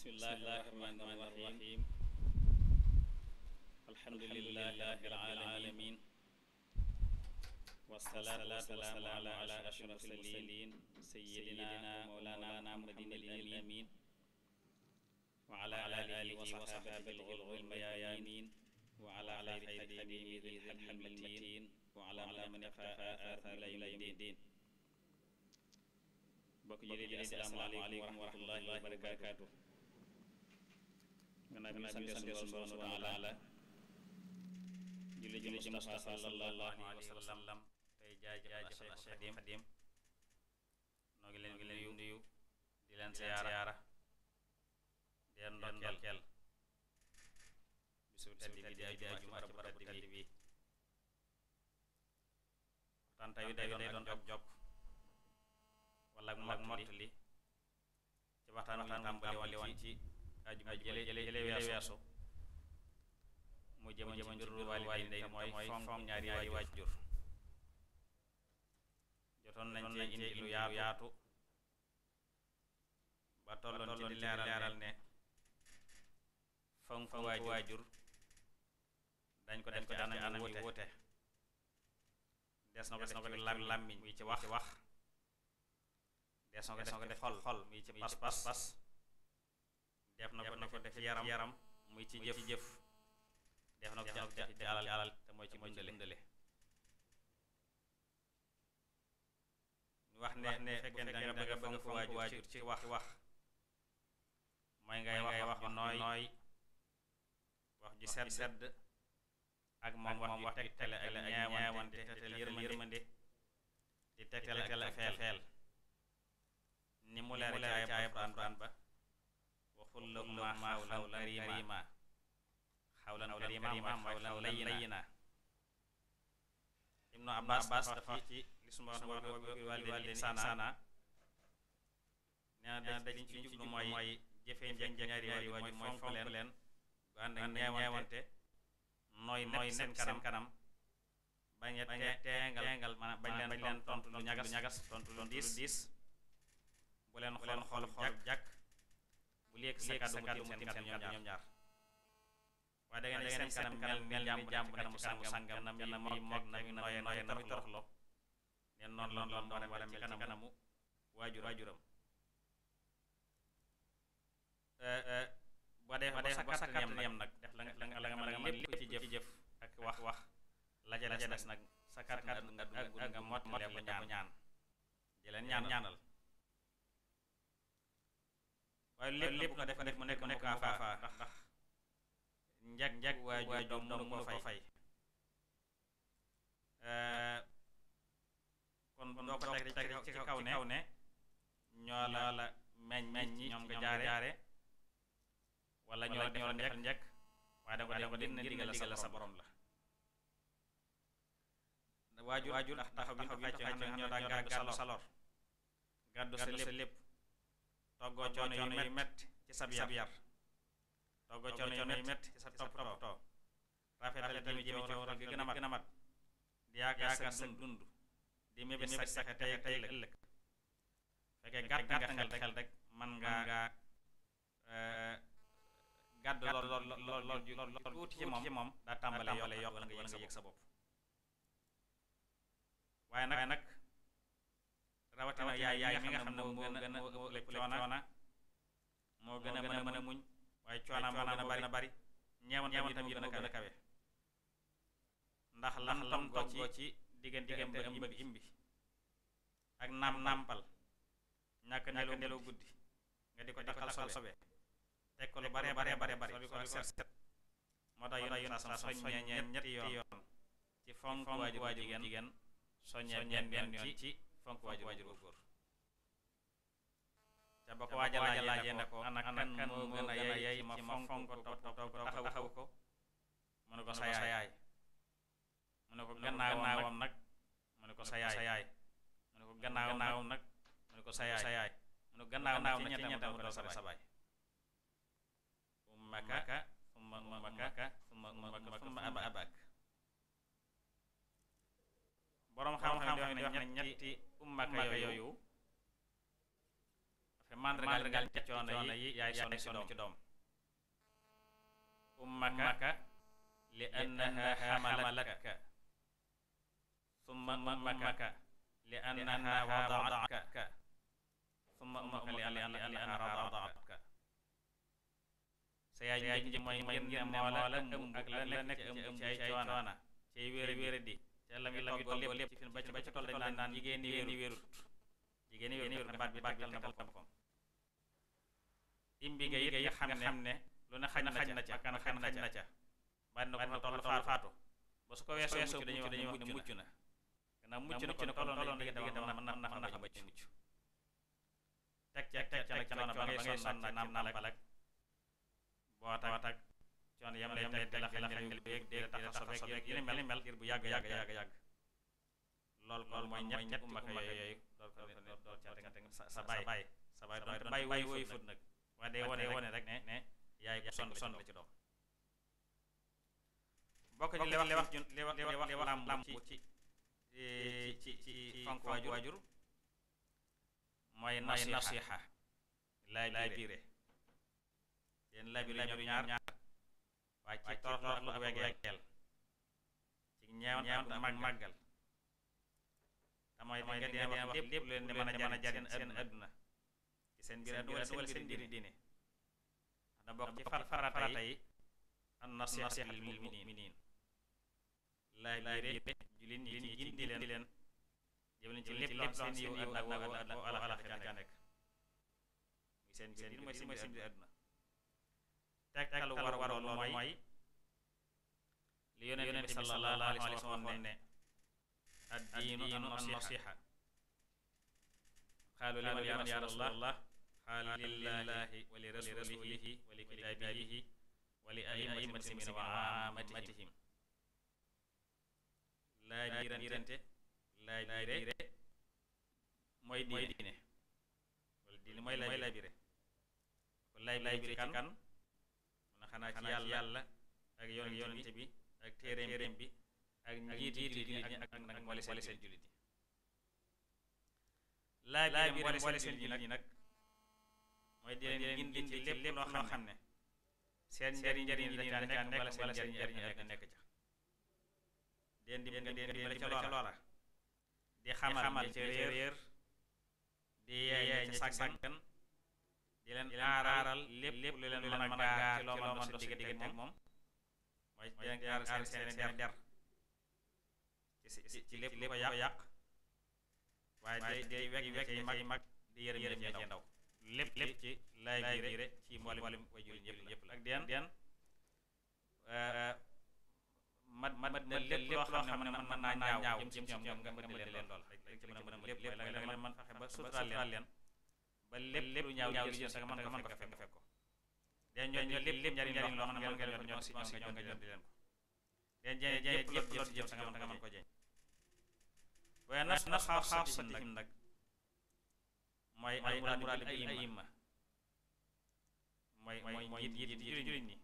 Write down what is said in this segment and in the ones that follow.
bismillaahi rahmaani rahiim alhamdulillaahi rabbil aalamiin wassalaatu wassalaamu alaa ashrafil mursaliin sayyidinaa wa mawlaanaa Muhammadinil amiin wa alaa aalihi wa sahbihi al-ghurril mayaamiin wa alaa xayri xaadimihil haadil matiin wa alaa man iqtafaa aathaarahum ilaa yawmi ddiin bokk jëlee asalaamaaleykum wa rahmatullaahi wa barakaatuh gannaaw bi ñu sant ci Mustafa sallallahu alayhi wa sallam tey jaajëfal Cheikh Xadim noo ngi leen ngi leen nuyu di leen siyaara di leen ndokkeel bisu tedd bi di ajuma ci barab bu tedd bi waxtaan tey day doon ak jokk wala ak mottali ci waxtaan waxtaan am tàmbali woon ci ajuma jële jële weesu mu jëmoon ci mbiru waalidayn mooy ñaari waajur jotoon nañ ci indi lu yaatu ba tolloon ci leeral ne fonk waajur dañ ko def ci anam wute des na ko def ci muy ci wax des na ko def xol xol muy ci pas pas def na ko na ko yaram yaram muy ci jëf def na ko ci alal alal te mooy ci dundale ñu wax ne ne fekkee ne danga bëgg a fonk waajur ci wax wax mooy ngay wax wax nooy wax ju sedd sedd ak moom wax wax tegtale ak ñeewante tegtale yërmande di tegtale ak feel feel ni mu leer ci ay Alxuraan ba كلكما حولا كريما حولا كريما حولا لينا Ibnu Abbas dafa ci li suma wax wàllu sana nee na dañ ci jublu mooy jëfee njëkk ñaari waajur mooy fonk leen ànd ak ñeewante nooy nooy seen kanam kanam bañ a teengal teengal maanaam bañ leen bañ leen tontu lu ñagas ñagas tontu lu diis bu leen xool xool jàkk léegi sa kàddu mu tiim seen kàddu ñoom ñaar waaye da ngeen ne seen kanam mel mel jàmm ne ci kanamu sàngam nam yi moog moog na mi nooye nooye tamit toroxloo neen noonu loon loon war a mel ci kanamu euh, euh, boo dee boo dee ba sa kàttan yem nag def la nga la nga ñaan di leen ñaan ñaanal waaye lépp nga def nga mu nekk mu nekk afaafa ndax ndax njag njag waay doom mënu ko fay kon doo ko teg teg ci kaw ne ñoo la la meñ meñ ñi ñoom nga jaare walla ñoo la ñoo la waaye da nga ko def ngir nga sa boroom la waajur waajur taxaw bi taxaw bi ñoo daa gàddu sa lor gàddu sa lépp toggoo coono yu metti ci sab yar toggoo coono yu metti ci sa toppatoo rafetal jëmi jëmi ci waral gi gën a mat gën a mat di yaakaar sa dund di mébét sa tey tey ëllëg fekkee gàtt nga xel rek man nga euh, gàdd lool lool lool lool lool tuuti ci moom daa tàmbale yokk wala nga yëg sa bopp waaye nag rawatina yaay yaay mi nga xam ne moo gën a coona moo gën a mën a muñ waaye coona maanaam moo gën a bari ñeewantam yi moo gën a kawe ndax lan tam toggoo ci digganteem a ëmb bi ak naam nàmpal ñàkk nelaw nelaw guddi nga di ko dakkal sobe teg ko lu bare bare bare bari ko moo tax soññee ñetti yoon ci fonk waajur jigéen soññee ñeent yoon ci fonk waajur waajur wu góor te ba ko waajal laajee ne ko ana kan moo gën a yey ci ma fonk ko topp topp taxawu ko mu ne ko sa yaay mu ne ko gannaawam nag mu ne ko sa yaay mu ne ko gannaawam nag mu ne ko sa yaay mu ne ko gannaawam nag ci ñettam mu doon sa baay ummaka summa ummaka summa ummaka summa abaka borom xam-xam yi wax nañ ñetti yooyu dafa màndargaal coono yi yaay sonn ci doom ummaka li annaha xamalatka summa ummaka li annaha wadaatka summa ummaka li annaha radaatka sa yaay njëkk mooy ngeen moo la ëmb la nekk ci ay ci wér wér di te lam yu lam yu toll lépp ci film ba ci ba ci toll dañ naan jigéen ñi wéerut wéerut jigéen ñi wéerut baat bi bàkkal na boppam imbi ga yi xam ne lu ne xaj na ca bakkan xaj na ca bari na ko toll faatu ba su ko weesoo dañuy wax ne mucc na gannaaw mucc na kon tolloon léegi dama mën na mën na ba ci mucc teg ca teg ca nag coono ba ngay sonn naam naam balak boo tag coono yam lay teg dala xel xel beeg dégg dala tax sobeeg yi mel mel ngir bu yàgg yàgg yàgg yàgg loolu loolu mooy ñett ñett ummaka yooyu dool ko dool ca teg sa baay sa baay doon bàyyi waay waajur mooy nasiha laay biire yéen laay biire ñaar waaye ci torof torof ak wegeel ci ñeewant ak màggal te mooy nga dina wax lépp leen mën a jariñ seen àdduna ci seen biir àdduna wala seen biir diine na bokk ci far farata yi an nasiha lil muminin laay biire julin yi ci gindi leen jëm leen ci lépp lépp seen yiw ak ak ak alaxira muy seen biir mooy seen biir àdduna tegtalu war war loolu mooy li yonent bi sallallahu alayhi wa sallam waxoon ne addiinu an-nasiha qaalu liman yaa rasulallah qaala lillahi wa li rasulihi wa li kitaabihi wa li a'immati muslimin wa ammatihim laa jirante laa jire mooy diine wala diine mooy laa jire kon laa jire kan xanaa ci yàlla ak yonent bi ak téereem bi ak njiit yi jullit ñi ak nag mboole seen jullit yi laaj bi mboole seen jullit ñi nag mooy di leen gindi ci lépp loo xam ne seen njariñ njariñ la ca nekk wala seen njariñ la nekk ca den di den di ca loola di xamal ci réer di yaay ci sàggan di leen aaral lépp lépp lu leen mën a gaar ci loo mën dox ci diggante ak moom mooy di leen aaral seen seen der ci ci lépp lu ko yàq waaye day day wekk yi mag yi mag di yërëm yërëm ñoo ci ndaw lépp lépp ci lay giire ci mboolem way jur ñëpp ñëpp la ak den den mat mat na lépp loo xam ne mën na mën naa ñaaw jëm ci ñoom nga mën leen lool rek ci mën a mën lépp lépp la nga mën fexe ba sutural leen ba lépp lépp ñaaw li jël sa mën nga mën ko fekk fekk ko den ñoo ñoo lépp njariñ njariñ loo xam ne mën nga leen ko ñoo si ñoo nga jël di leen ko den jeex jeex lépp loo sa nga mën ko jeex waaye nas nas xaaf xaaf sa tihim nag mooy ay muraad ay imma mooy mooy mooy jiit jiit juriñ ñi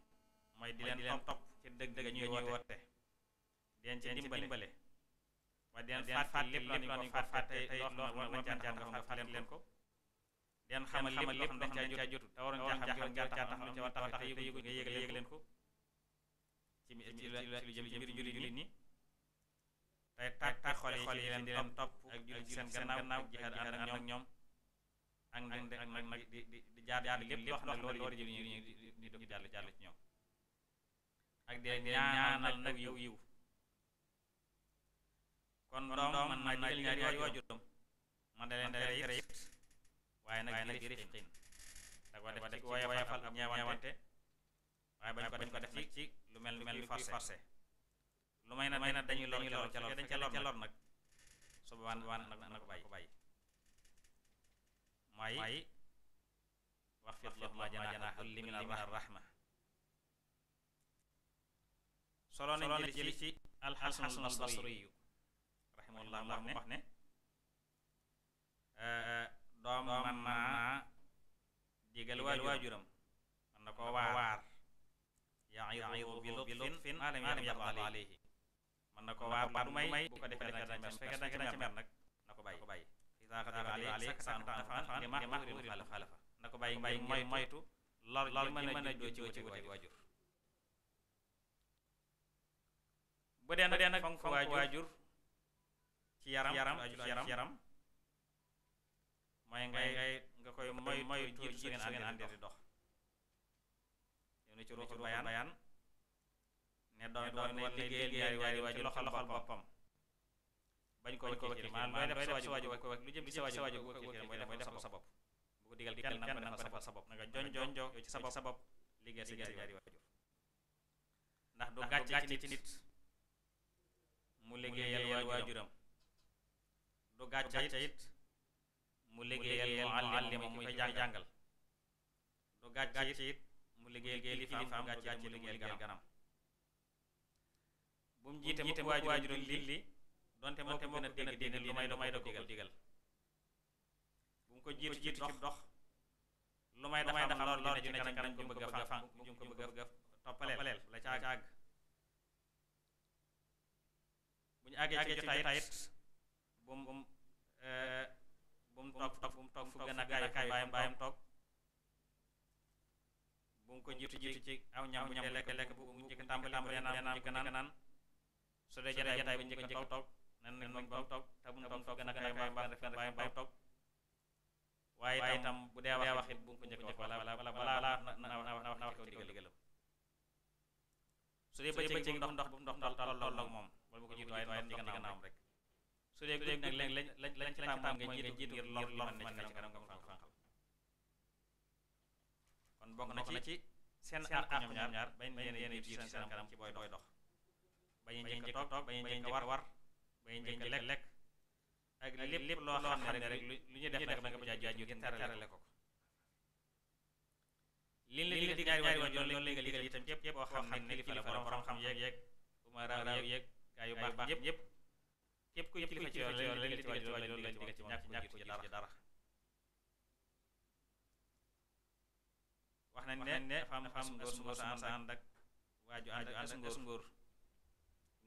mooy di leen topp ci dëgg dëgg ñuy woote den ci dimbale waaye den faat faat lépp loo xam ne ko faat tey loo xam ne mën nga faat leen ko den xamal lépp loo xam dañ caa jotut te waroon caa xam nga caa tax ca war tax te yëgu nga yëg leen ko ci mi ci lu jëm ci mbir jullit ñi tey tax tax xol yi leen di leen topp ak jullit seen gannaaw jihaad ànd ak ñoom ak nag nag di di jaar jaar lépp jàll jàll ci ñoom ak di ñaanal nag yow yiw kon doom man na jël ñaari wajuram man da leen da leen yëpp waaye nag gi rifqin da ko def ci waaye fal ak ñeewante waaye bañ ko ko def nag ci lu mel lu mel ni forcé lu may na may na dañuy lor lor ca lor dañ ca lor nag nag bàyyi mooy wax fi lahuma janaaha kulli min ar-rahma solo nañ jëli ci al-Hasan al-Basri rahimahullah wax ne doom man naa digal waajuram man na ko waar ya'idu bi lutfin ma lam yarda alayhi man na ko waar lu may bu ko defee da nga ci mer fekkee da nga ci mer nag na ko bàyyi iza xataba alayhi saksan fa'an lima mahdurin khalafa na ko bàyyi ngay moytu lor lor mën a joo ci wuti waajur bu dee nag fonk waajur ci yaram yaram yaram mooy ngay nga koy moy moy jiitu su ngeen àndee di dox yow na ci ruuxu bayaan ne doon doon war liggéeyal ñaari waay waay ci loxo loxol boppam bañ ko wakkil maanaam looy def sa waaju ko lu jëm ci sa waaju waaju ko wakkil mooy def mooy def sa bopp bu ko digal kenn na nga ko sa bopp na nga joñ joñ yow ci sa bopp sa bopp liggéeyal sa ñaari waajur ndax du gàcce ci nit mu liggéeyal waajuram du gàcce it mu liggéeyal muallima muy koy mu liggéeyal kilifaam du gàcce mu liggéeyal ganam bu mu jiite mu waajuroon li li donte moo ko gën a dégg diine lu may da ko digal bu mu ko jiitu jiitu ci dox lu may dafa am lor ju ne ci kanam ju mu bëgg a ju mu ko bëgg a toppaleel la ca bu ñu àggee ci jotaay it bu mu bu mu toog toog bu mu toog a kaay bu mu ko jiitu jiitu ci aw ñam bu ñam lekk lekk bu mu njëkk tàmbali tàmbali naan naan njëkk naan su dee jataay jataay bu njëkk toog toog nan nan moñ toog bu mu toog gën a kaay baayam baayam baayam toog waaye itam bu dee wax it bu mu ko njëkk njëkk wala wala wala na wax na wax kaw digalam su dee bëccëg ndox ndox ndox ndox ndox ndox moom wala bu ko jiitu waaye ndox ci su dee guddi nag lañ lañ lañ ci tàmm nga jiitu ngir lor lor na ci kanam nga fanqal kon bokk na ci seen àq ñoom ñaar ñaar bañ leen yéen jiitu seen kanam ci booy dox bañ ngeen jëkk toog bañ ngeen jëkk war war bañ ngeen jëkk lekk ak lépp lépp loo xam ne rek lu ñu def nag nga ba jaaju ngeen tarale ko li li li ñaari waay yoon loolu nga liggéey itam yëpp boo xam xam yeeg yeeg umara yeeg yeeg gaa yu baax yëpp ñëpp képp kuy kilifa ci yoon la nga ci waaj loolu la nga ci waaj loolu ñàkk ñàkk ci dara wax nañ ne ne fam fam góor su góor ànd ànd ak waaju ànd ak as ngóor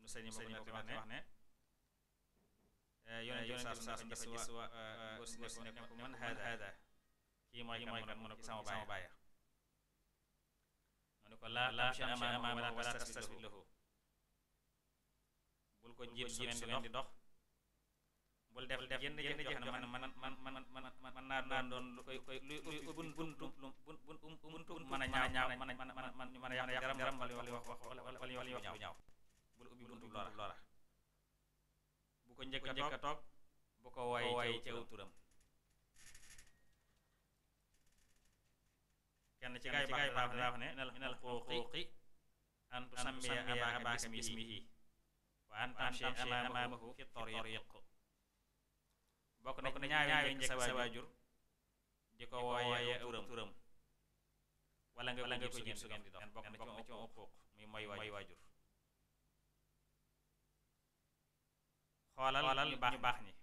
nu sëñ ma ko wax ne wax ne yone yone sa sa sa gis wa góor si ne ko man hada kii mooy kan mu ne ko sama baaya mu ne ko la la shi ama ama wala wala tasbih lahu bul ko njiit su ngeen di dox wala def def yenn yenn jëf yoo xam ne man man man man man naa daan doon lu koy koy lu bun bun bun bun mën a ñaaw ñaaw mën a mën a mën a mën a yàq yaram wala wax wax wala ko njëkk a a toog ci aw turam kenn bokk na ñaawi njëkk sa waajur di ko wooye aw turam wala nga ko jiit su ngeen di dox bokk na ci ma xuquq muy mooy waajur xoolal baax baax ñi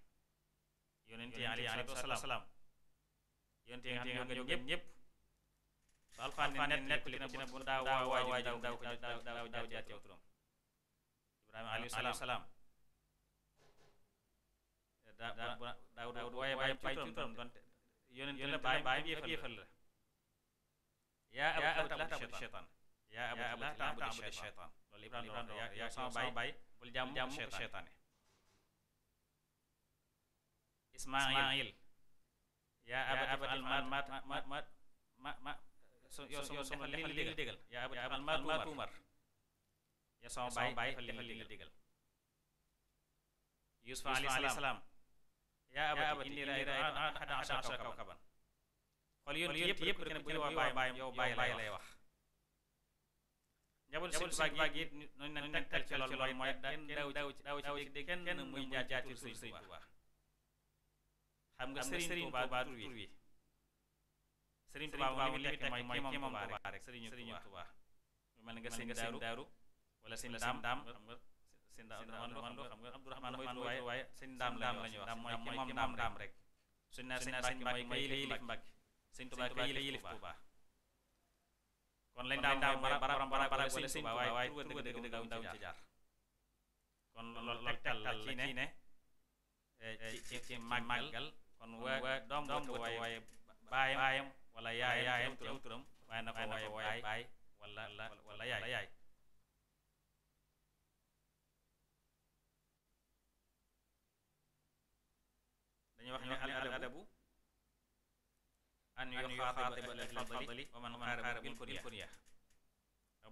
yonent yi alayhi salaam yonent yi nga xam ne ñoo ñëpp ñëpp su alxaan ne nettali na bu daaw waajur daaw ko daaw daaw jaat ci aw turam ibrahima alayhi salaam daa daa daawut waaye bàyyi bàyyi ci turam donte yonent la bàyyi yëfal yëfal la yaa abu laa taabudu cheytaan yaa abu laa taabudu cheytaan loolu Ibrahima doon yaa sama bàyyi bàyyi bul jàmm jàmm cheytaane Ismaayil yaa abu almaat maat maat maat maat maat yow sama sama li li digal yaa abu almaat maat umar yaa sama bàyyi defal li la digal Yuusuf alayhi salaam yaa abati inni raaytu ahada ashara kawkaban xool yonent yëpp yëpp kenn bu ñu wax bàyyi yow bàyyi lay wax njabul si baag yi noonu nañ tegtal ci loolu loolu mooy kenn daw ci daw ci dégg kenn muy njaajaati suñ Sëriñ Tuubaa xam nga Sëriñ Tuubaa tur wi Sëriñ Tuubaa moom li muy tekki mooy ki moom Tuubaa rek Sëriñ Tuubaa mel nga seen daaru wala seen daam daam xam nga sëñ Abdourahmane Lo xam nga Abdourahmane Lo waaye waaye sëñ Ndaam la ñuy wax ndaam mooy ki moom ndaam ndaam rek suñ naa sëñ Mbàkke mooy ka yilif Mbàkke sëñ Tuubaa ka yilif Tuubaa kon lañ daam daam bara bara bara bara sëñ Tuubaa waaye waaye tur wa dëgg dëgg daw ci jaar kon loolu tegtal la ci ne ci ci màggal kon waa doom bu waaye baayam wala yaay yaayam turam waaye na ko waaye baay wala wala yaay dañuy wax ne al adabu an yuxaatiba al fadli wa man xaara bil kunya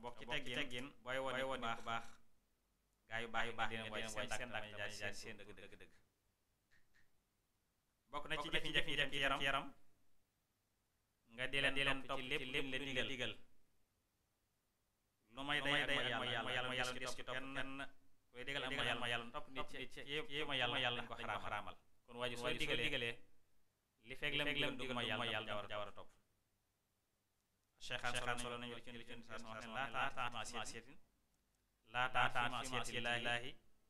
bokk ci teggin booy won bu baax gaa yu baax yu baax dina booy seen seen làkk dañuy jaar seen dëgg na ci jafe-jafe yi dem ci yaram nga di leen di leen topp ci lépp lépp leen digal digal lu may day day ma yàlla ma yàlla des ci topp kenn koy digal am ma yàlla ma yàlla topp yàlla yàlla ko xaraamal kon waa ji soo li fekk lam digal dugg ma yàlla da war a topp cheikh an solo nañu ci li ci sa wax ne laa taa ma siyatin laa taa ma siyatin lillaahi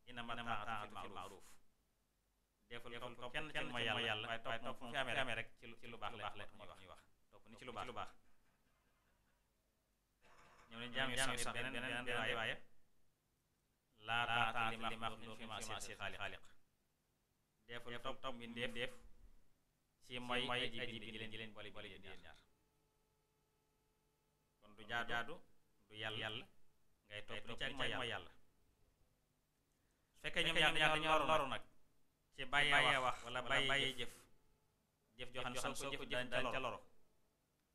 innama taa fi ma'ruf defal topp kenn kenn ma yàlla waaye topp mu fi amee rek ci lu baax la ñuy wax topp ni ci lu baax ñoom ne jaam jaam sax beneen beneen waaye laa taa li ma fi ma siyatin xaaliq deeful topp topp bi ndeef ndeef ci mooy aji bind ji leen ji leen boole boole yéen ñaar kon du jaadu jaadu du yàlla yàlla ngay topp ni ci ak mooy yàlla su fekkee ñoom ñaar dañoo loru nag ci bàyyee wax wala bàyyee jëf jëf joo ne soo ko jëf dañ ca loro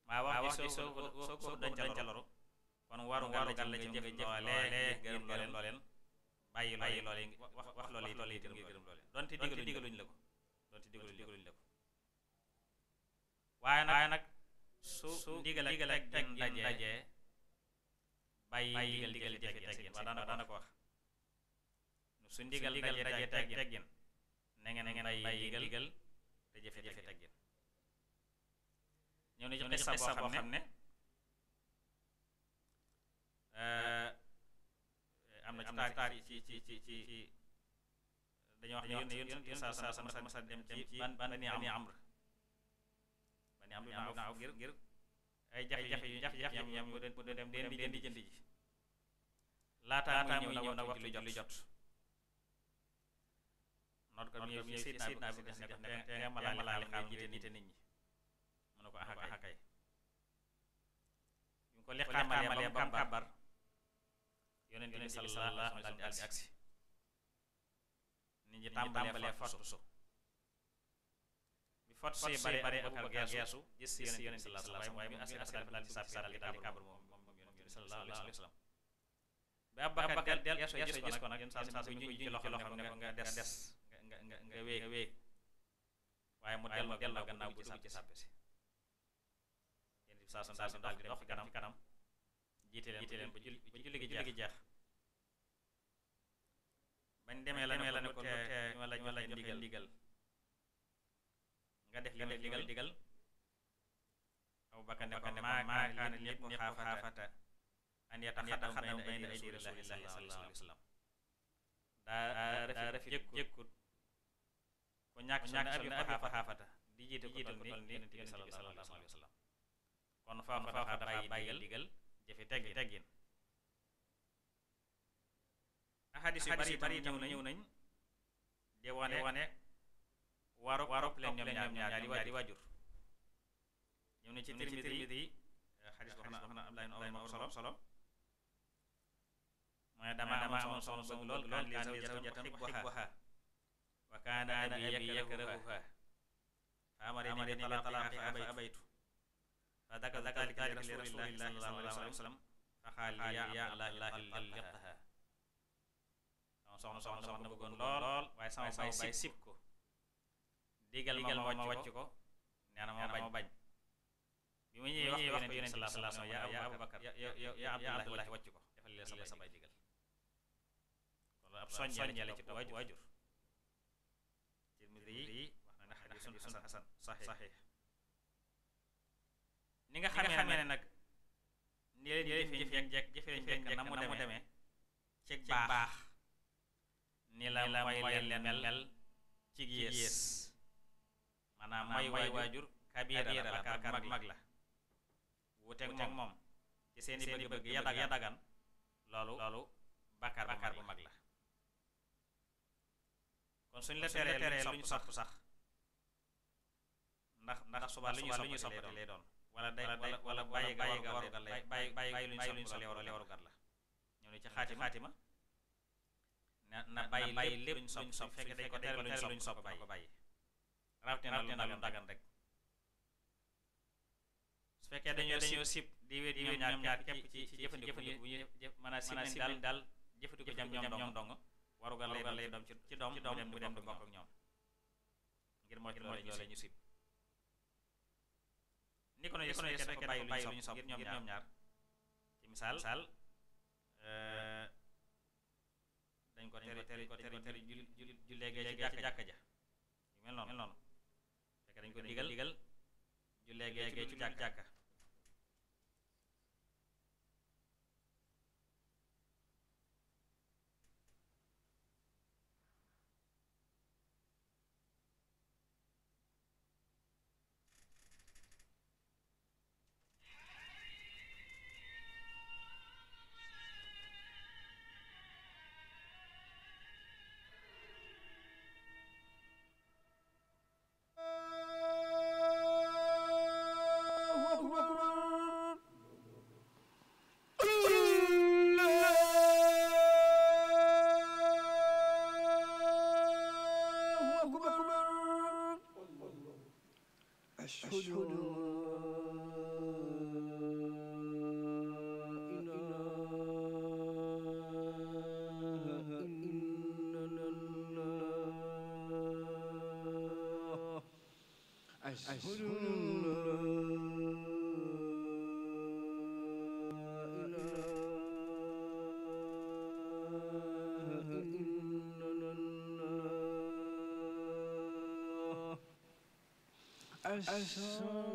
maa wax ji soo ko soo ko dañ ca loro kon waru waru gàll la jëf loolee gërëm looleen bàyyi bàyyi loolee wax wax loolee loolee itam nga gërëm loolee donte la ko donte digaluñ la ko waaye nag waaye nag su ndigal ak ndigal ak teg dajee bàyyi ndigal ndigal jafe teggin waa daana daana ko wax su ndigal dajee dajee teggin na ngeen na ngeen bàyyi ndigal te jafe jafe teggin ñëw na ci boo xam ne euh, am na ci taar yi ci ci ci ci dañuy wax ne yonent sa sa sa masa dem ci ban ban ni am ban ni amr am naaw ngir ngir ay jax jafe yu jafe-jafe yu ñam mu dem dem di jënd ji laata muy ñëw nag waxtu jot li jot noot ko mi mi Seydina bi def ne te nga malaali xaal ngay jiite nit ñi mu ne ko axakay ñu ko li xaamalee ba mu kàbbar yonent sa sallallahu alayhi wa sallam daal di agsi ñi tàmbalee fottu su bi fottu su yi bare bare ak geesu gis si yonent bi sallallahu alayhi wa sallam waaye mu agsi agsi daal bi sallallahu wa ci mu delloo delloo gannaaw bu ci sàppi si yonent bi kanam jiite leen jiite leen ba julli ba julli gi jeex gi jeex. bañ demee la demee la ne ko tee ñu la ñu la joxe ndigal nga def li ma digal digal. aw bakkan ne ko maa maa kaana lépp mu xaafata an yataxaddama bayna aydi rasulillahi sallallahu alayhi wa sallam. daa daa rafet jëkkut ku ñàkk ñàkk sol ne abi xaafata di jiite ko toll ni yonent bi sallallahu alayhi wa sallam kon faaw nga faaw bàyyi digal jëfe teggin teggin ahadis bari bari ñëw nañ di wane wane waarop leen ñoom ñaari waajur ñëw na ci Tirmidi xadis wax na wax na Abdullah ibn Umar solo solo mu ne dama dama amoon soxna bëgg lool lool li zawjatam uhibbuha wa kaana abi fa amara ni talaqa فذكر ذلك لرسول الله صلى الله عليه وسلم فقال يا الله لقطها soxna soxna soxna bëggoon lool waaye sama baay sib sib ko digal ma ma wàcc ko nee na ma bañ bi ma ñëwee wax ko yonent bi sallallahu alayhi wasallam ya Abubakar ya Abdullah wàcc ko defal leen sama baay digal kon ab soññee la ci waajur Tirmidhi yi wax na ne xadisun hasan sahih ni nga xam ne nag ni leen jëfe jekk jëfe jekk na mu demee ci baax ni la mooy leen mel ci yées maanaam mooy waajur kabiira la bakkaar mag mag la wuteeg moom ci seen i bëgg ya dagan loolu loolu bakkaar bakkaar bu mag la kon suñ la teree luñ sopp sax ndax ndax suba lu ñuy soppati lay doon wala day wala bàyyi ga warugar la bàyyi bàyyi luñ sol wala warugar la ñëw ne ci xaatima xaatima na na bàyyi bàyyi lépp luñ sopp sopp dañ ko tere luñ sopp luñ sopp ko bàyyi rawatina na lu dagan rek su fekkee dañoo dañoo sib di wéet ñoom ñaar ñaar képp ci ci jëfandiku bu ñu mën a sib daal daal jëfandiku jam ñoom dong warugar lay doom ci doom mu dem du bokk ak ñoom ngir moo ci loolu ñu sib ni ko noonu yëg su fekkee dafa bàyyi lu ñu sopp ñoom ñaar ci misaal dañ ko tere tere ko tere tere ju ju ju ci jàkka ja yu mel noonu fekk dañ ko digal digal ju léegee ci jàkka أشهد أشهد Alltså...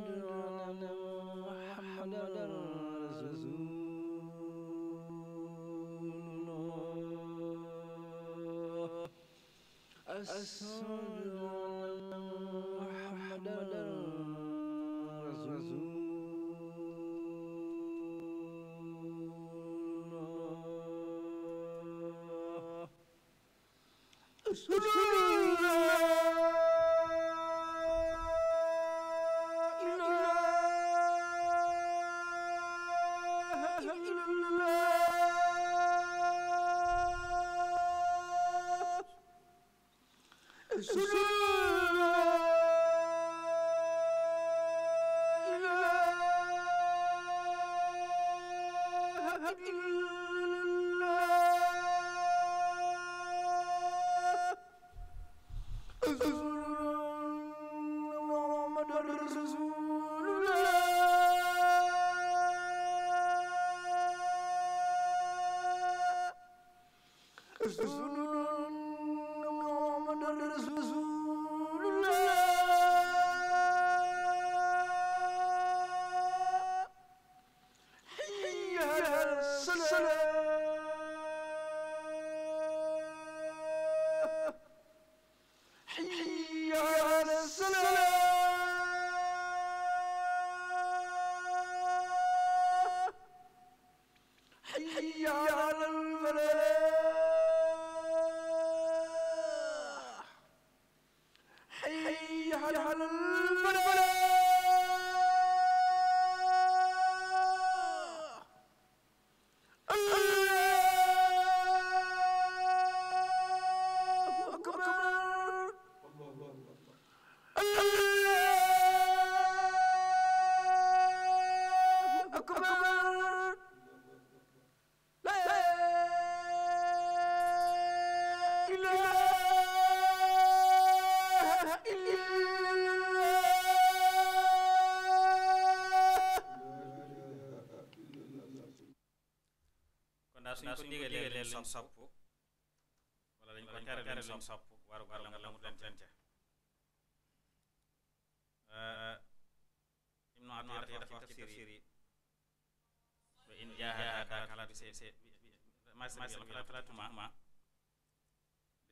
ma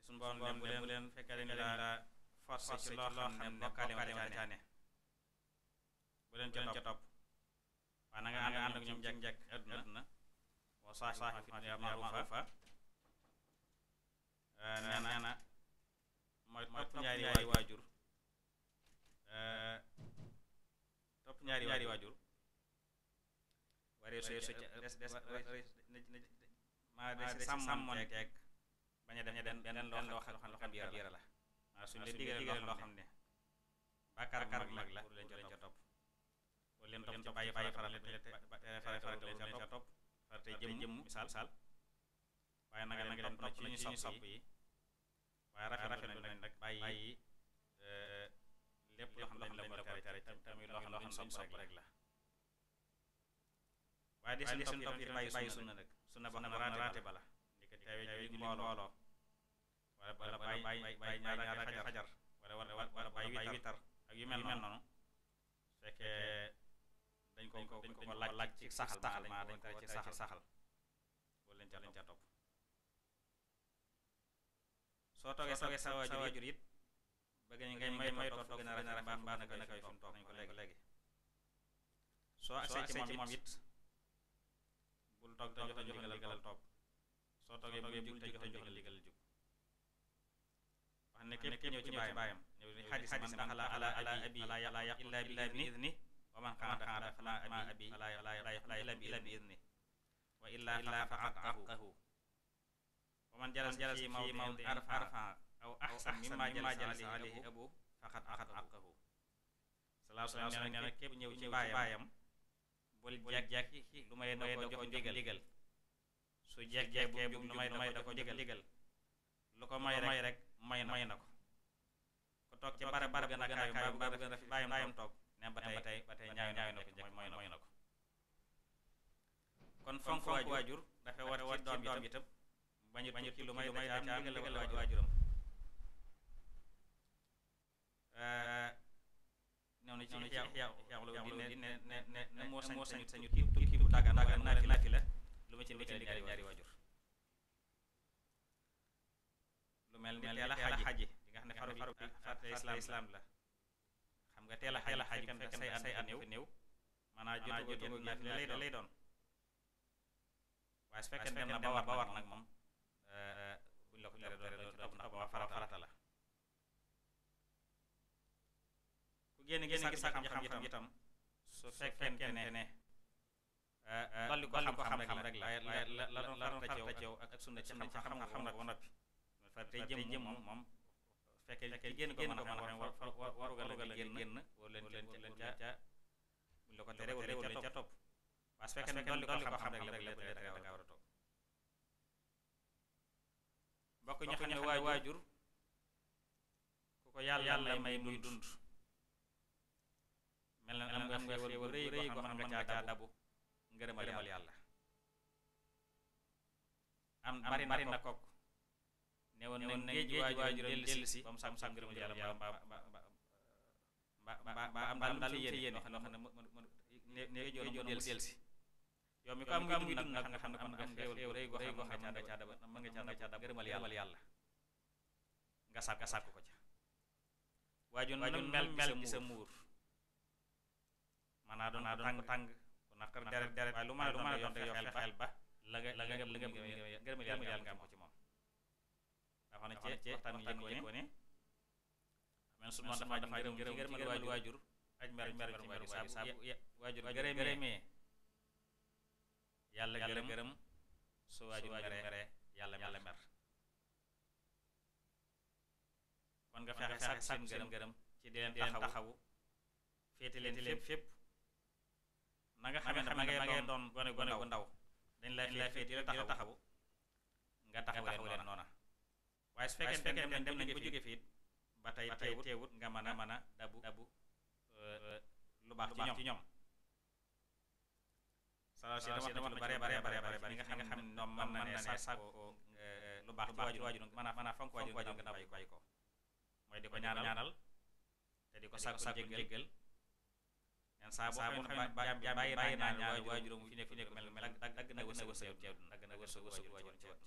suñu borom dem bu bu leen fekkee ne la force ci loo xam ne bokkaale ma ca ne bu leen ca topp waa na nga ànd ak ñoom njëkk njëkk àdduna wa saahibi fi dunya ma'rufa nee na na mooy topp ñaari waajur topp ñaari waajur waree su ca des des maa de si sàmmonteeg bañ a dem benn loo xam ne loo xam ne la maa suñ leen digalee loo xam ne bàkkaar kar mag la pour leen ca topp pour leen topp ca bàyyi bàyyi faral leen ca topp farate jëmm misaal misaal waaye nag nag leen topp na ci ñu sopp yi waaye rafet rafet nañ nag bàyyi eh, lépp loo xam ne dañ la ko tere tamit loo xam ne sopp rek la waaye di suñ topp yi bàyyi sunna nag sunna boo xam ne raate bala ndi ko teewee julli mbooloo wala wala bàyyi bàyyi ñaari fajar wala wala wala bàyyi witar ak yu mel noonu su fekkee dañ ko dañ ko laaj ci saxal ma dañ ko ci saxal saxal loolu lañ ca lañ ca topp soo toogee toogee sa waajur it bëgg nañ ngay may may toog gën a rafet baax baax na koy fi mu toog nañ ko léegi léegi soo agsee ci moom it bul toog te joxe ndigalal toog soo toogee bul jóg te joxe ndigalal jóg wax ne képp ñëw ci baayam man daxala abi la yaq bi idni wa man xaada ma abi la yaq illa bi idni wa illa faqad aqahu wa man jalas fi mawdi arfa aw ahsan mimma jalasa alayhi abu faqad aqahu sallallahu alayhi wa sallam nee na ñëw ci baayam bul jekki lu may da ko jox ndigal su jekkee bu lu may da ko jox ndigal lu ko may rek may may na ko ku toog ci barab barab gën a kaay ba gën a bàyyi mu toog ne ba tey ba tey ñaaw na ko njëkk mooy mooy na ko kon fonk waajur dafa war a war doom yi itam bañu bañu ci lu may da ca am ndigal waajuram euh, ñëw na ci xeex xeexlu di ne ne ne ne moo sañ sañu sañu kii kii bu dàgga dàgga naati naati la lu ma ci ndigal ñaari ñaari waajur lu mel ni teel a xaji di nga xam ne faru faru faru islam la xam lay lay doon farata la ku génn génn gi sàkk xam-xam itam su fekkente ne dolli ko xam-xam rek la waaye la la doon xarta ci yow ak sunna ci xam-xam nga xam nag ba noppi tey jëm jëm moom moom fekkee fekkee génn ko mën a xam war warugal la génn wala leen leen ca buñ la ko tere wala leen ca topp waaye su fekkee ne dolli ko xam-xam rek la rek la da nga war a topp mbokk ñu xam ne waajur ku ko yàlla yàlla may muy dund mel na am nga xéewal bu rëy goo xam mën nga caa dabu ngërëmal yàlla am bari na kook ne woon na géej waajuram dellu si ba mu sàmm sàmm ngërëmal yàlla ba ba ba am daal lu ci yéene xam ne ne géejoon mu dellu si yow mi ko am ngi dund nag nga xam ne am nga xéewal rëy goo xam mën nga caa dabu mën nga caa dabu ngërëmal yàlla nga sàkk ko ca waajur mel mel sa muur naa doon tàng tàng ku naqar deret deret waaye lu mën a doon yow fexeel ba la nga la nga la nga ngërëmal nga am ko ci moom dafa na ci ne men su ma dafa dafa gërëm gërëmal waajur aj mer mer ci mer su waajur meree yàlla mer kon nga fexe sàkk sàkk gërëm gërëm ci deen taxawu féete leen lépp fépp na nga xamee ne ma ngay doon gone gone gu ndaw dañ lay lay fii di la taxawu nga taxawu leen noona waaye su fekkee dem nañ dem nañ ba jóge fii ba tey teewut nga mën a mën a dabu dabu euh, lu baax ci ñoom sa si dama lu bare bare bare bare nga xam ne ñoom mën na ne sàkko euh, lu baax ci waajur mën a mën a fonk waajur nga bàyyi ko mooy di ko ñaanal ñaanal te di ko sàkku jéggal saa boo xam ne jaam bi bàyyi bàyyi naa ñaari waajuram fi nekk fi nekk mel mel dagg dagg na wërsëg wërsëg ci àdduna dagg na wërsëg wërsëg a joxal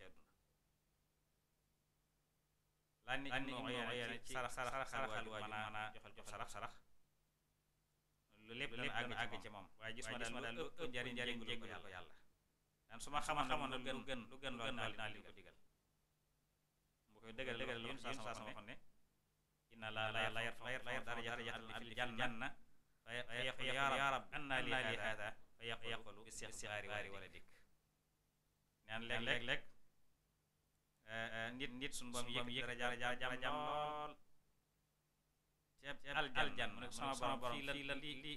jox sarax sarax lu lépp lépp dana ci moom waaye gis ma daal lu ëpp njariñ njariñ jéggul ko yàlla daan su ma xamoon xamoon na lu gën lu gën lool naa naa li ko digal mu koy dëggal dëggal lu saa sama waxoon ne inna la yar la yar la yar dara فيقول يا رب أنا لي هذا فيقول باستغفار والدك naan léeg-léeg nit nit suñu borom yëkkati dara jaar jaar jam lool ceeb ceeb aljan mu ne sama borom fii la li li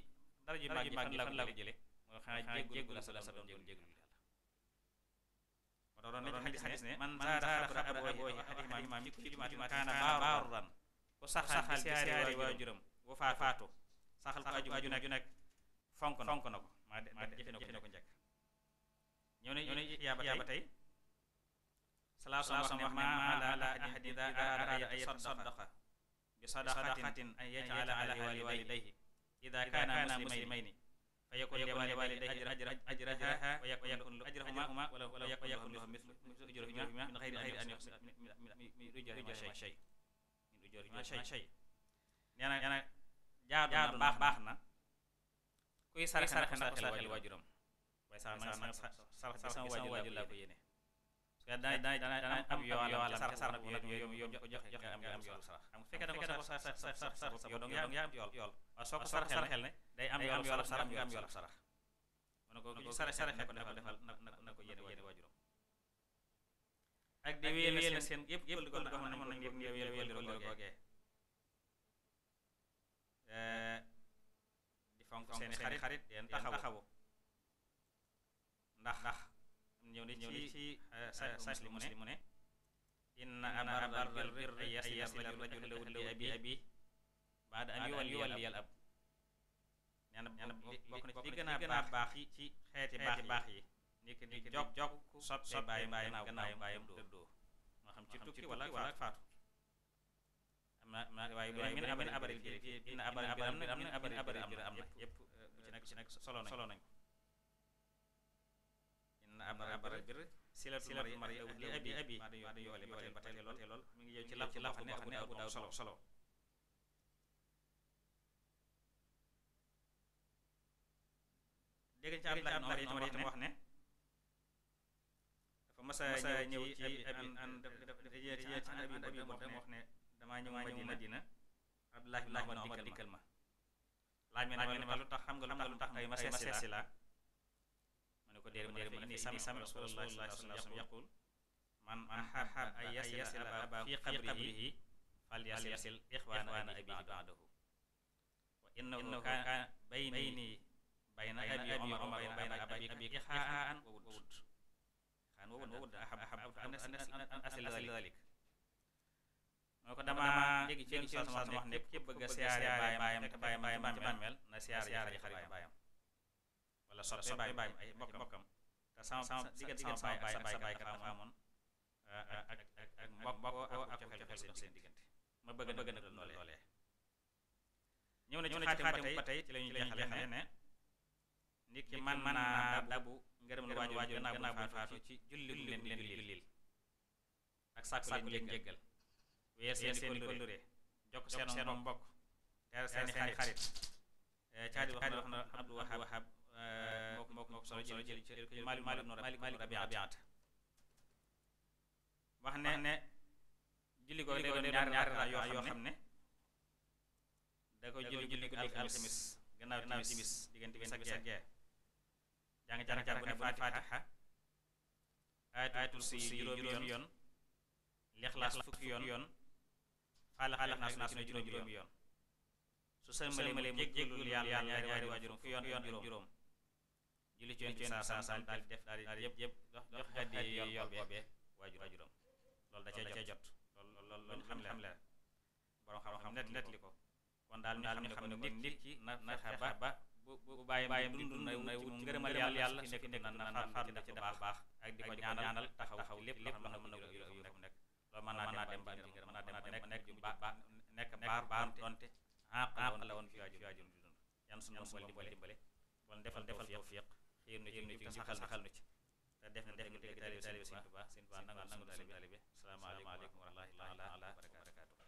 dara ju mag ji fan la ko jële mooy xanaa jéggul la sa doom jéggul yàlla moo tax doon nañ ci xadis ne man zaara xabra aboohi al imaam ci jumaa kaana baaruran ku saxal ci siyaari waajuram wa faatu saxal ko aju aju nekk fonk na ko maa de maa de jëfe na ko njëkk ñëw ne ñëw ne yaaba tey salaasu wax ne ma ala ahadin ida arada ay saddaqa bi sadaqatin an yaj'ala ala ahli walidayhi ida kaana muslimayni fa yakun li walidayhi ajraha wa yakun lahu ajrahuma wa yakun lahu mithlu ujurihima min ghayri an yukhsira min ujurihima shay min ujurihima shay nee na jaadu na baax baax na kuy saraxe na ko saraxel waajuram waaye sax na nga sarax bi sama waajur laa ko yéene dana dana am yoo xam ne sarax sarax bu nag yow yow joxe nga am nga am yool sarax am fekkee da nga ko sarax sarax sarax yow donc yaa am yaa am yool yool waaw soo ko saraxel ne day am yool sarax am nga am yool sarax mu na ko yéene yéene waajuram ak di wéyal seen yëpp yëpp li ko di fonk seeni xarit di leen taxawu ndax ndax ñëw ni ñëw ni ci sax li mu ne inna amara birri yasila rajul li abi abi baada an yuwalli al ab nee na bokk na ci li gën a baax ci xeeti baax yi nit ki di jokk jokk sot sot bàyyi mbaayam gannaaw mbaayam xam ci tukki wala faatu waaye bu ne min abaril biir min abaril biir am na min abaril biir am na yëpp bu ci nekk ci nekk solo nañ solo nañ in abaril biir silatu mari aw li abi abi maa dañu yoole ba tey ba tey lool tey lool mi ngi yow ci làpp làpp boo xam ne abu daaw solo solo dégg nga ci Abdoulaye Omar itam wax ne dafa mas a ñëw ci abi an daf daf dañuy ci abi abi mu wax ne damaa ñëw Madina Abdullah ibn Umar dikkal ma laaj ma ne ma lu tax xam nga lu tax lu tax tey ma seet si la ma ne ko déedéet ma ne ko nii sami sami rasulullah sallallahu alayhi wa sallam yaqul man man xaar ay yasil aba fi qabrihi fal yasil ixwaana abi ba'dahu wa innahu kaana bayni bayna abi Umar wa bayna abi abi xaan wa wud xaan wa wud ahab ahab an asila dalik moo ko damaa dégg ci sa sama wax ne képp bëgg a siyaare baayam nekk baayam baayam ci bàmmeel na siyaare ji xarit baayam wala soppe baayam ay mbokkam te sama sama diggante sama baay ak sa baay kat dafa amoon ak ak ak mbokkoo ak ak seen diggante ma bëgg bëgg nag loolee ñëw na ci xaatim ba tey ci la ñuy jeexale ne nit ki man mën naa dabu ngërëm lu waajur gannaaw bu faatu ci julli leen leen lil ak sàkku leen jéggal wees seeni kóllëre jokk seen mbokk teer seeni xarit eh, caadi wax na Abdou Wahab eh, eh, moo ko solo jël jël jël ko Malik Malik Malik Rabiat wax ne ne julli ko lay doon ñaari ñaari yoo xam ne da ko julli julli guddi alxamis gannaaw gannaaw timis diggante bi ak gee jàng jàng jàng bu ne Faatiha ayatul si juróomi yoon lixlaas fukki yoon xaalal naa su ne juróomi yoon su sëlmalee mu jéggul yàlla ñaari waajuram fu yoon yoon juróom julli ci yoon ci yoon saa saa daal def daal yëpp yëpp jox xaddi yoon boobee loolu da cee jot loolu loolu la borom xam xam net net li ko kon daal ñu xam ne kon nit ki na na xar ba bu bu bàyyi bàyyi dund na wut nekk nekk nekk loolu mën naa dem ba jigéen mën naa dem ba nekk ba ba nekk baar baar donte xaq ah, ah, la woon fi waajur waajur di dund yan suñu boole dimbale dimbale wala defal defal fi yëpp xiir nu ci nu ci saxal nu ci te def na def dégg taalibe taalibe sëñ Tuubaa sëñ Tuubaa nangu nangu taalibe salaamaaleykum wa rahmatullaahi wa barakaatuh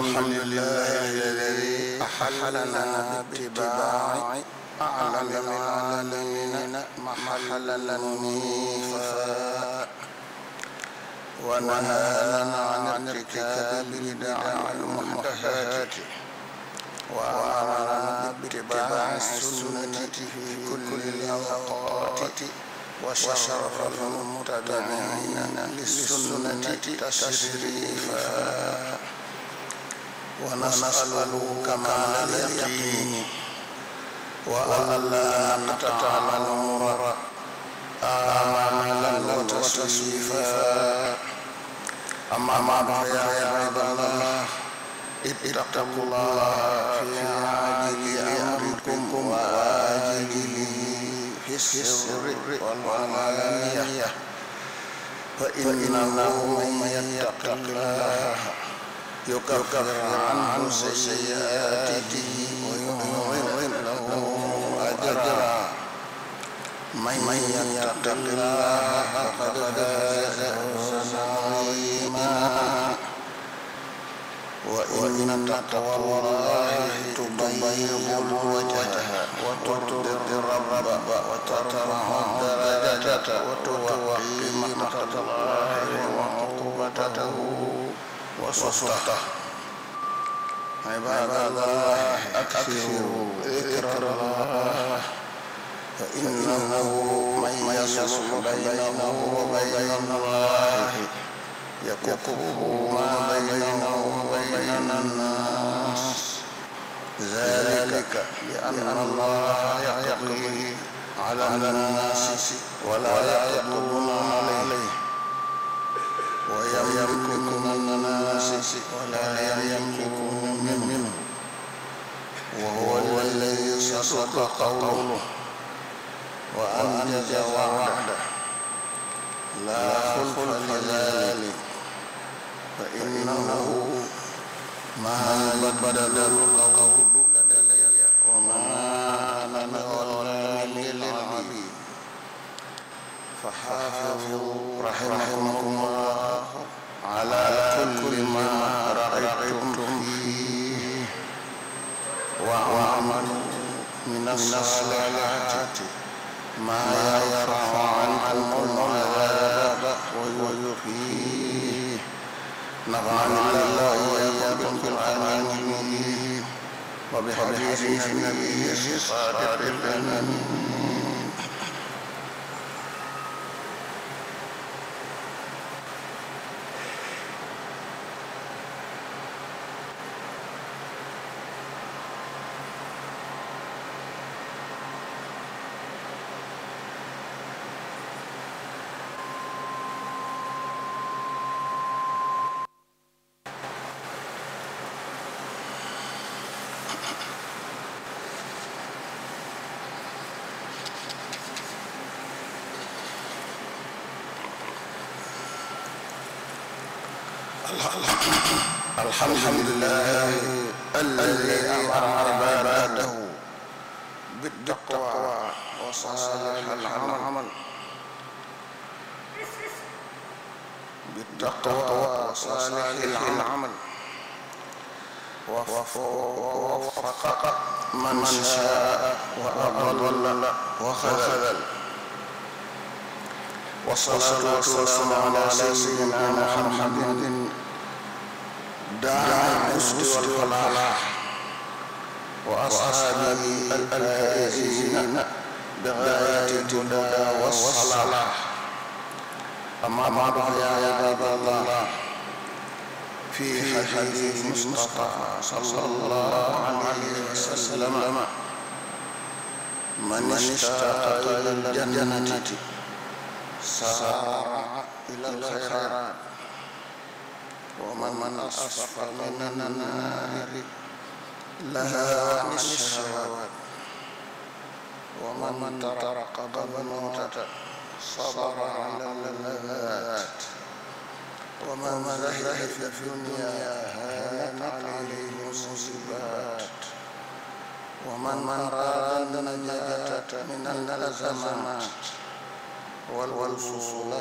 الحمد لله الذي أحلنا باتباع أعلم العالمين محل النفاق ونهانا عن ارتكاب البدع المحدثات وأمرنا باتباع السنة في كل الأوقات وشرف المتبعين للسنة تشريفا ونسأله كمال اليقين وألا نقطع العمر آمالا وتسويفا أما بعد يا عباد الله اتقوا الله في عاجل أمركم وآجله في السر والعلانية فإنه من يتق الله يكفر عنه سيئاته ويعظم له أجرا من يتق الله فقد فاز فوزا عظيما وإن تقوى الله تبيض الوجه وترضي الرب وترفع درجته وتوقي مقت الله وعقوبته وسطه عباد الله أكثروا ذكر الله فإنه من يصلح بينه وبين الله يكفه ما بينه وبين الناس ذلك لأن الله يقضي على الناس ولا يقضون عليه ويملك الناس ولا يملكون منه وهو الذي صدق قوله وأنجز وعده لا خلف لذلك فإنه ما بدل القول لدي وما أنا بظلام للعبيد فحافظوا رحمكم الله على كل واعملوا من الصالحات ما يرفع عنكم العذاب ويحييه نفعنا الله وإياكم بالأنعام وبحديث النبي الصادق الأمين الحمد لله الذي أمر عباده بالتقوى وصالح العمل بالتقوى وصالح العمل ووفق من شاء وأضل وخذل والصلاة والسلام على سيدنا محمد داع الرشد والفلاح وأصحابي الفائزين بغاية الهدى والصلاح أما بعد يا عباد الله في حديث المصطفى صلى الله عليه وسلم من اشتاق إلى الجنة سارع إلى الخيرات ومن أصفق من النار لها عن الشهوات ومن ترقب الموتة صبر على اللذات ومن زهد في الدنيا هانت عليه المصيبات ومن أراد النجاة من الأزمات والوصول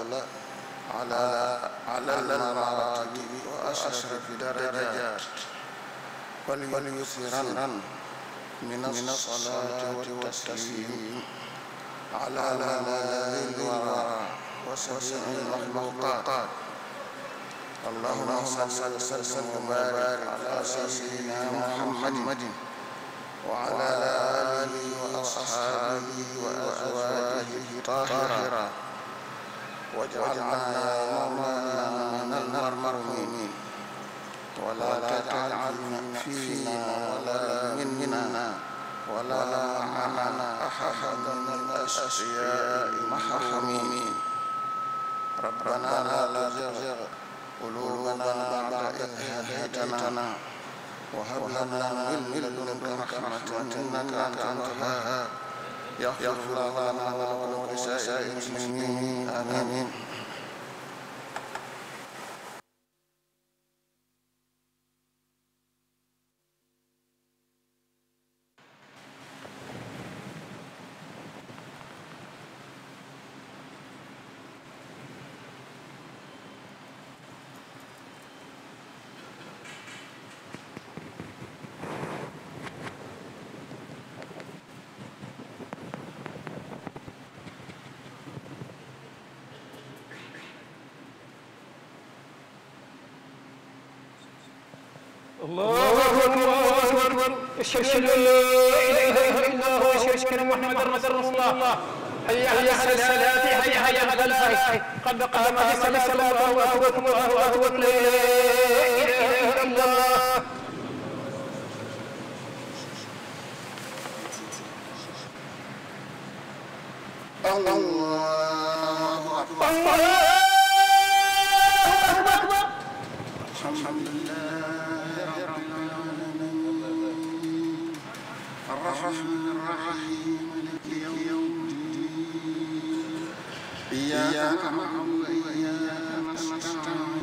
على على المراتب وأشرف الدرجات وليسرا من الصلاة والتسليم على ملاذ الورى وسبيع المخلوقات اللهم صل وسلم وبارك على سيدنا محمد وعلى آله وأصحابه وأزواجه الطاهرة واجعلنا يا مولانا من المرمومين ولا تجعل فينا ولا منا ولا معنا أحدا من الأشقياء محرومين ربنا لا تزغ قلوبنا بعد إذ هديتنا وهب لنا من لدنك رحمة إنك أنت الوهاب يغفر لنا ولكم ولسائر المسلمين آمين أشهد أن لا إله إلا الله وأشهد أن محمدا رسول الله حي على الصلاة حي على الفلاح قد قامت الصلاة الله أكبر الله أكبر لا إله إلا الله الله أكبر نعبد وإياك نستعين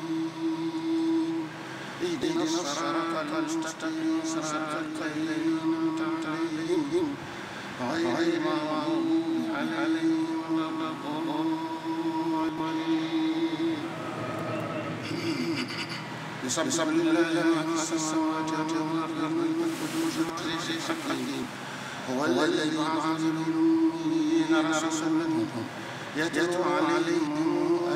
اهدنا الصراط المستقيم صراط الذين أنعمت عليهم غير المغضوب عليهم ولا الضالين بسم الله ما في السماوات والأرض المقدوس العزيز الحكيم هو الذي يعذب المؤمنين رسولا منهم يتلو عليهم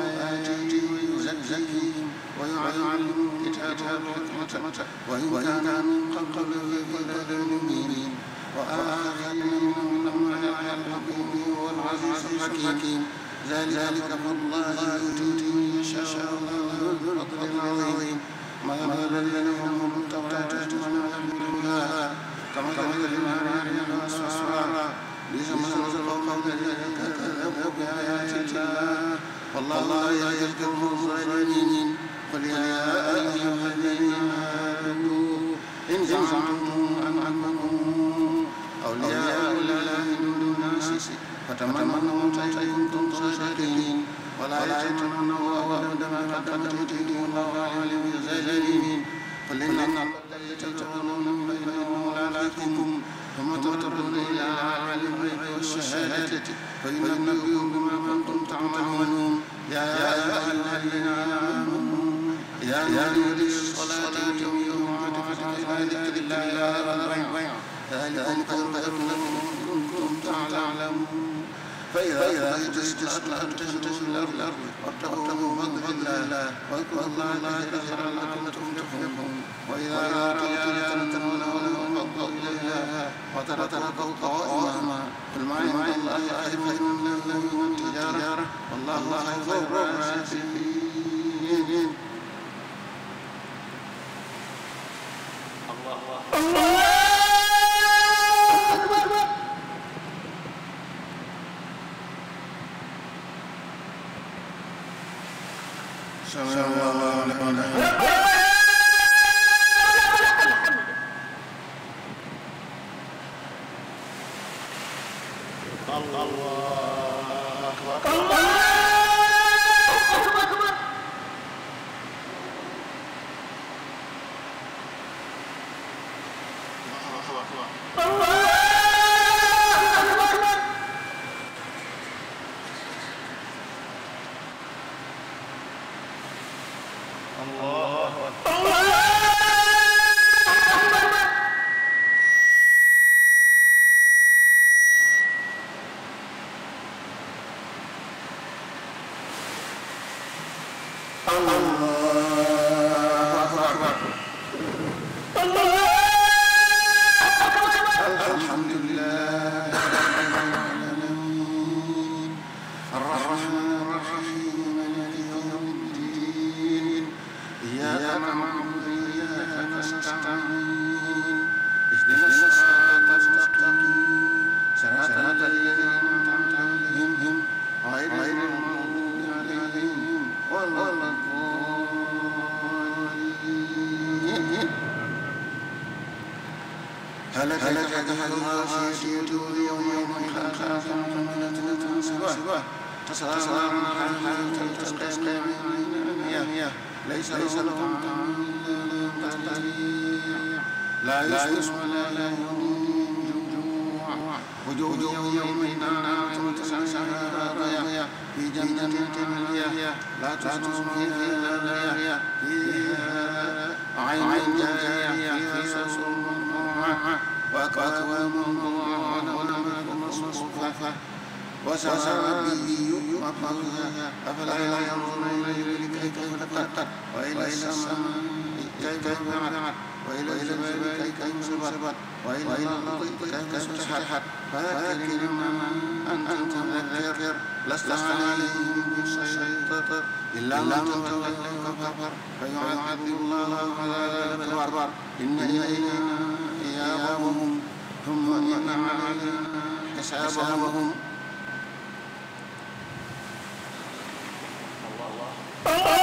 آياته ويزكيهم ويعلمهم الكتاب والحكمة وإن كان من قبله في مبين وآخرين منهم على ربهم هو العزيز الحكيم ذلك فضل الله يؤتيه من يشاء وذو الفضل العظيم ما بل لهم التوراة ونعلم كما كما كما كما كما والله لا يهدي القوم الظالمين قل يا ايها الذين امنوا ان زعمتم انكم اولياء لله من دون الناس فتمنوا ان كنتم صادقين ولا يتمنوا ابدا ما قدمت يدي الله عليم بالظالمين قل ان الله يتمنون فانه لا لكم وما ترتبون إلى عالم الغيب والشهادة فينبئكم بما كنتم تعملون يا أيها الذين آمنوا يا من الصلاة وجميعهم على ذكر الله ذلكم خير لكم إن كنتم تعلمون فإذا قضيت الصلاة فانتشروا في الأرض وابتغوا من فضل الله واذكروا الله كثيرا لعلكم تفلحون وإذا رأيتم جنة فلا فضل إليها وتركوك قائما قل ما عند الله خير من اللهو والتجارة والله خير الرازقين الله Amen. تذهب الغاشية يوم خلقها خلقنا سواه تسعى من حال تسقي مياه ليس لهم طعام إلا لا يسقي ولا لا وجوه يومئذ ناعمة تسعى راضية في جنة ملية لا تسمع فيها لاغية فيها عين جارية فيها سرور مرعى وأكرم ونعم مصروفا وسعى به مقرها أفلا ينظرون إلى الإبل كيف خلقت وإلى السماء كيف رفعت وإلى الجبال كنزبت وإلى الأرض كنزحت فذكر أن أنت مذكر لست عليهم بسيطر إلا من تولى وكفر فيعذب الله عذاب الأكبر إن إلينا إيابهم ثم إن علينا حسابهم الله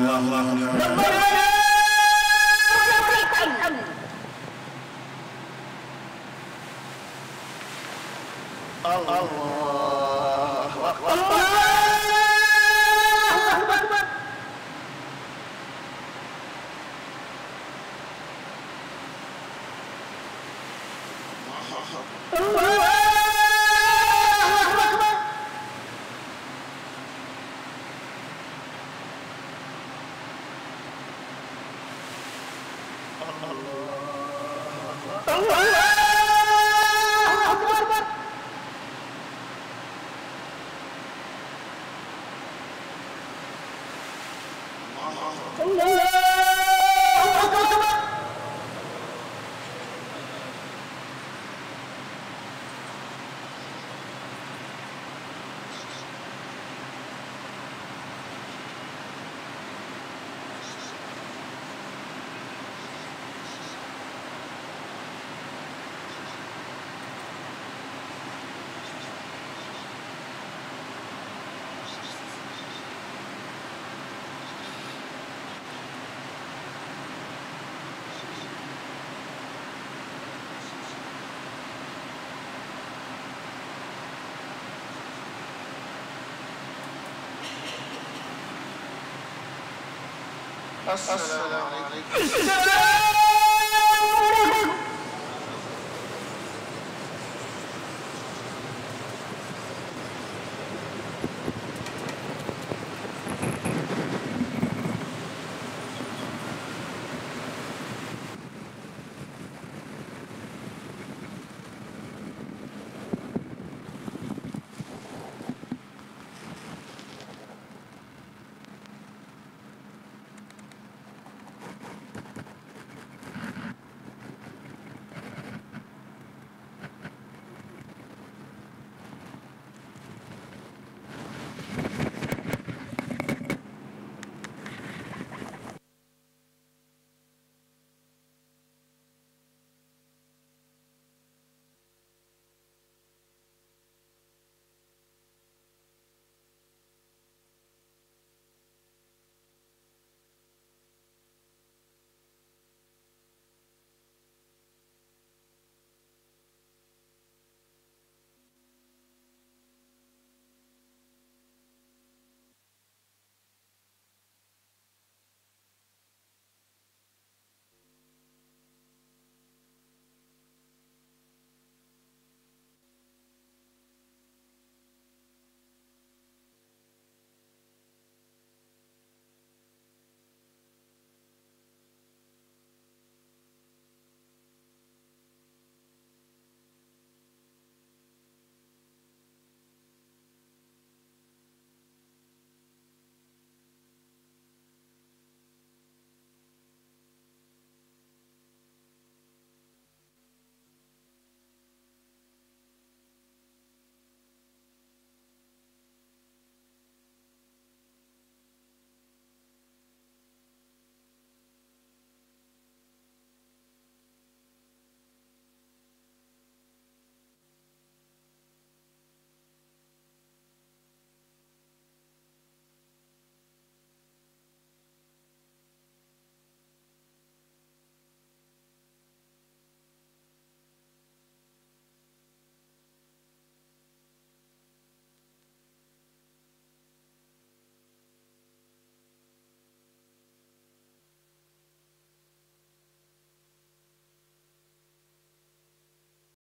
الله Allah السلام عليكم